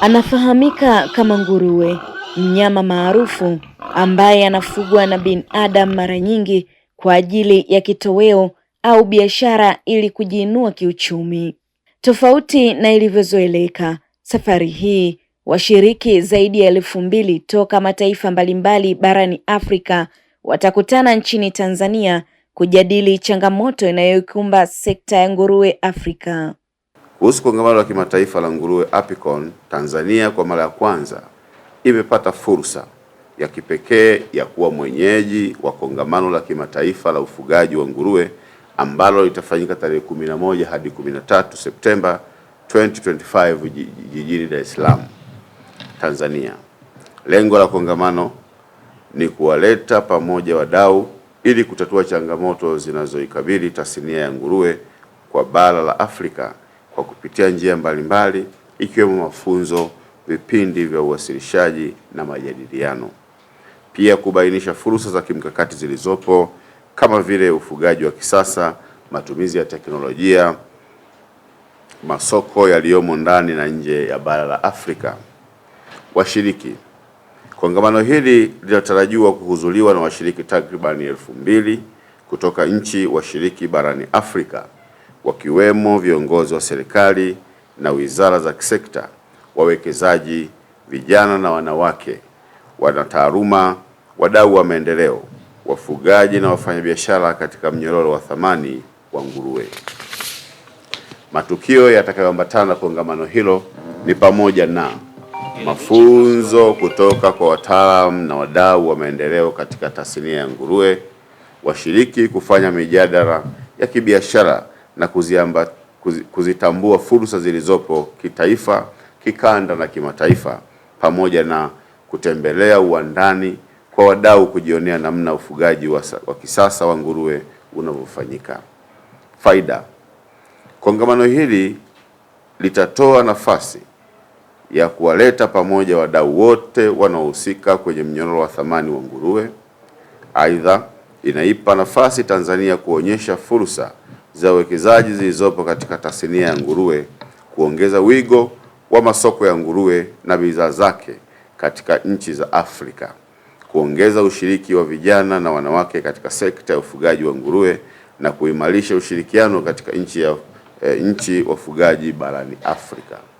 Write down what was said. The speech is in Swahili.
Anafahamika kama nguruwe, mnyama maarufu ambaye anafugwa na binadamu mara nyingi kwa ajili ya kitoweo au biashara ili kujiinua kiuchumi. Tofauti na ilivyozoeleka, safari hii washiriki zaidi ya elfu mbili toka mataifa mbalimbali barani Afrika watakutana nchini Tanzania kujadili changamoto inayoikumba sekta ya nguruwe Afrika. Kuhusu kongamano la kimataifa la nguruwe APICON, Tanzania kwa mara ya kwanza imepata fursa ya kipekee ya kuwa mwenyeji wa kongamano la kimataifa la ufugaji wa nguruwe ambalo litafanyika tarehe 11 hadi 13 Septemba 2025 jijini Dar es Salaam, Tanzania. Lengo la kongamano ni kuwaleta pamoja wadau ili kutatua changamoto zinazoikabili tasnia ya nguruwe kwa bara la Afrika kwa kupitia njia mbalimbali ikiwemo mafunzo, vipindi vya uwasilishaji na majadiliano. Pia kubainisha fursa za kimkakati zilizopo kama vile ufugaji wa kisasa, matumizi ya teknolojia, masoko yaliyomo ndani na nje ya bara la Afrika. Washiriki, kongamano hili linatarajiwa kuhudhuriwa na washiriki takribani elfu mbili kutoka nchi washiriki barani Afrika wakiwemo viongozi wa serikali na wizara za kisekta, wawekezaji, vijana na wanawake, wanataaluma, wadau wa maendeleo, wafugaji na wafanyabiashara katika mnyororo wa thamani wa nguruwe. Matukio yatakayoambatana kongamano hilo ni pamoja na mafunzo kutoka kwa wataalamu na wadau wa maendeleo katika tasnia ya nguruwe, washiriki kufanya mijadala ya kibiashara na kuziamba, kuzitambua fursa zilizopo kitaifa, kikanda na kimataifa, pamoja na kutembelea uwandani kwa wadau kujionea namna ufugaji wa, wa kisasa wa nguruwe unavyofanyika. Faida: kongamano hili litatoa nafasi ya kuwaleta pamoja wadau wote wanaohusika kwenye mnyororo wa thamani wa nguruwe. Aidha, inaipa nafasi Tanzania kuonyesha fursa za uwekezaji zilizopo katika tasnia ya nguruwe kuongeza wigo wa masoko ya nguruwe na bidhaa zake katika nchi za Afrika, kuongeza ushiriki wa vijana na wanawake katika sekta ya ufugaji wa nguruwe na kuimarisha ushirikiano katika nchi ya e, nchi wafugaji barani Afrika.